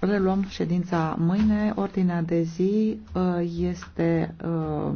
Reluăm ședința mâine. Ordinea de zi uh, este uh,